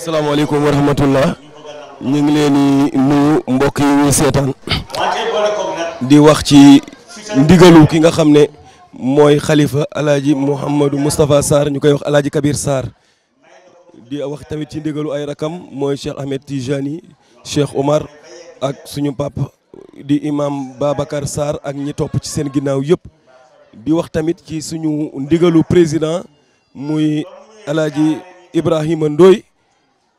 salaamaaleykum wa rahmatullah ñu ngi leen di nuyu mbokk yi seetaan di wax ci ndigalu ki nga xam ne mooy xalifa alaaji Mouhamadou Moustapha Sarr ñu koy wax alaaji Kabir Sarr di wax tamit ci ndigalu ay rakam mooy Cheikh Ahmed Tijani Cheikh Omar ak suñu pap di imaam Babacar Sarr ak ñi topp ci seen ginnaaw yëpp di wax tamit ci suñu ndigalu président muy alaaji Ibrahima Ndoye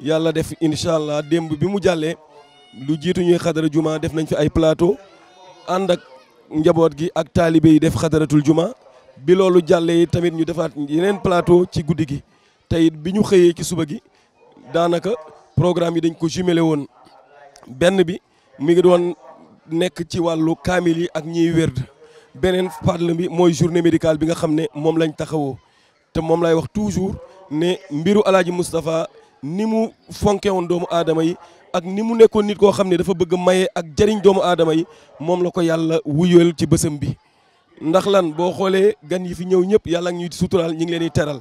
yàlla def incha allah démb bi mu jàllee lu jiitu ñuy xadara juma def nañ fi ay plateau ànd ak njaboot gi ak taalibe yi def xadaratul juma bi loolu jàllee yi tamit ñu defaat yeneen plateau ci guddi gi tey bi ñu xëyee ci suba gi daanaka programme yi dañ ko jumelé woon benn bi mu ngi doon nekk ci wàllu kaamil yi ak ñiy werd beneen parle bi mooy journée médicale bi nga xam ne moom lañ taxawoo te moom lay wax toujours ne mbiru alaaji Moustapha ni mu fonke woon doomu aadama yi ak ni mu nekkoon nit koo xam ne dafa bëgg maye ak jariñ doomu aadama yi moom la ko yàlla wuyal ci bësam bi ndax lan boo xoolee gan yi fi ñëw ñëpp yàlla ak ñuy suturaal ñu ngi leen di teral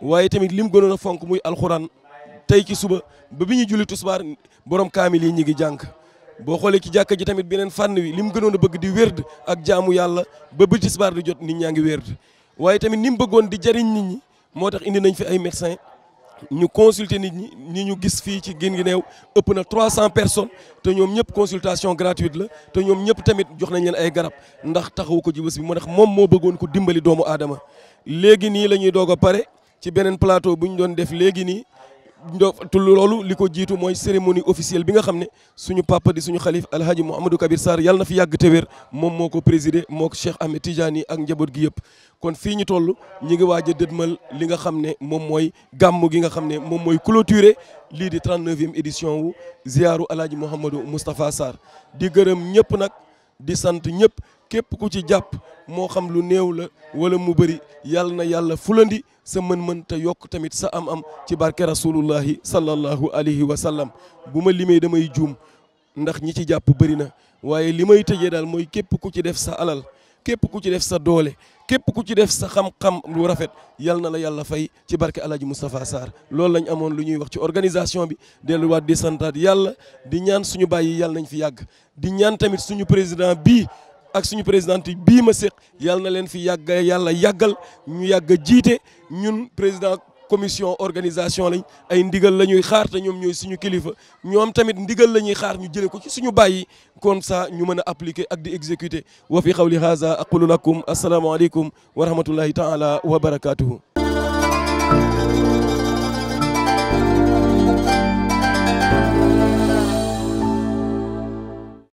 waaye tamit lim gënoon a fonk muy alxuraan tey ci suba ba bi ñu jullitu tisbaar borom kaamil yi ñu ngi jàng boo xoolee ci jàkka ji tamit beneen fànn wi lim gënoon a bëgg di wérd ak jaamu yàlla ba bi tisbaar di jot nit ñaa ngi wérd waaye tamit ni mu bëggoon di jariñ nit ñi moo tax indi nañ fi ay médecin ñu consulter nit ñi ni ñu gis fii ci Guinguinéo ëpp na trois 300 personnes te ñoom ñëpp consultation gratuite la te ñoom ñëpp tamit jox nañ leen ay garab ndax taxawu ko ci bés bi mu ndax moom moo bëggoon ko dimbali doomu aadama léegi nii la ñuy doog a pare ci beneen plateau bu ñu doon def léegi nii te loolu li ko jiitu mooy cérémonie officielle bi nga xam ne suñu papa di suñu xalif alhaji Mouhamadou Kabir Sarr yàlla na fi yàgg te wér moom moo ko présidé moo ko Cheikh Ahmed Tidiane ak njaboot gi yëpp kon fii ñu toll ñi ngi waaj a mal li nga xam ne moom mooy gàmm gi nga xam ne moom mooy clôturer lii di 39e édition wu ziaru alhaji Mouhamadou Moustapha Sarr di gërëm ñëpp nag di sant ñëpp képp ku ci jàpp moo xam lu néew la wala mu bëri yàlla na yàlla fulandi sa mën-mën te yokk tamit sa am-am ci barke rasulullahi sallallahu alayhi wa sallam bu ma limee damay juum ndax ñi ci jàpp bëri na waaye li may tëjee daal mooy képp ku ci def sa alal képp ku ci def sa doole képp ku ci def sa xam-xam lu rafet yal na la yàlla fay ci barke Alaaji Moustapha Sarr loolu lañu amoon lu ñuy wax ci organisation bi delluwaat di santaat yàlla di ñaan suñu bàyyi yàlla nañ fi yàgg di ñaan tamit suñu président bii ak suñu présidente bii ma séq yàlla na leen fi yàgg yàlla yàggal ñu yàgg jiite ñun président commission organisation nous ay ndigal lañuy xaar nous ñom ñoy suñu kilifa ñom tamit ndigal lañuy xaar ñu nous ko ci suñu comme ça ñu appliquer di exécuter wa fi qawli haza aqulu lakum alaykum wa rahmatullahi taala wa barakatuh.